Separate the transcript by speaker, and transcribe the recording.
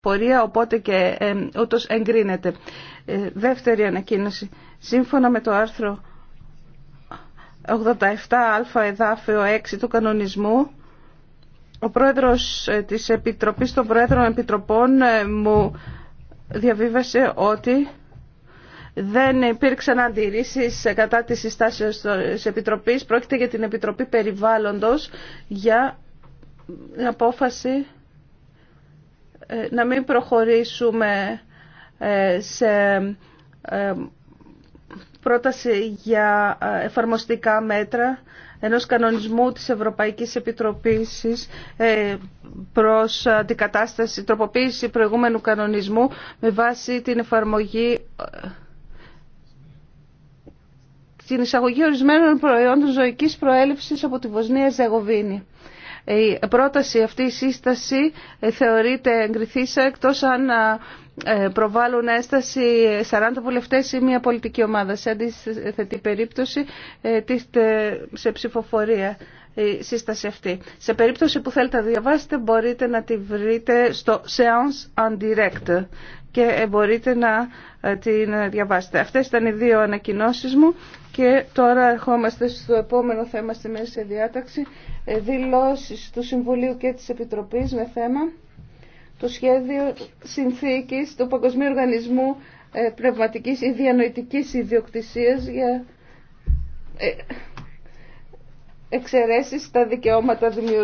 Speaker 1: πορεία, οπότε και ε, ούτως εγκρίνεται. Ε, δεύτερη ανακοίνωση. Σύμφωνα με το άρθρο 87α εδάφιο 6 του κανονισμού, ο πρόεδρος ε, της Επιτροπής των Προέδρων Επιτροπών ε, μου διαβίβασε ότι δεν υπήρξαν αντιρρήσεις κατά της συστάσεως της Επιτροπής. Πρόκειται για την Επιτροπή Περιβάλλοντος για απόφαση ε, να μην προχωρήσουμε ε, σε ε, πρόταση για εφαρμοστικά μέτρα ενός κανονισμού της Ευρωπαϊκής Επιτροπής προς αντικατάσταση, τροποποίηση προηγούμενου κανονισμού με βάση την εφαρμογή την εισαγωγή ορισμένων προϊόντων ζωικής προέλευσης από τη Βοσνία Ζεγοβίνη. Η πρόταση αυτή η σύσταση ε, θεωρείται εγκριθήσα εκτός αν ε, προβάλλουν έσταση 40 βουλευτές ή μια πολιτική ομάδα. Σε αντίθετη περίπτωση ε, σε ψηφοφορία η σύσταση αυτή. Σε περίπτωση που θέλετε να διαβάσετε μπορείτε να τη βρείτε στο Seance on Direct και ε, μπορείτε να τη διαβάσετε. Αυτές ήταν οι δύο ανακοινώσεις μου και τώρα ερχόμαστε στο επόμενο θέμα στη μέση διάταξη δηλώσεις του Συμβουλίου και της Επιτροπής με θέμα το σχέδιο συνθήκης του Παγκοσμίου Οργανισμού ε, Πνευματικής ή Διανοητικής Ιδιοκτησίας για ε, εξαιρέσεις στα δικαιώματα δημιουργίας.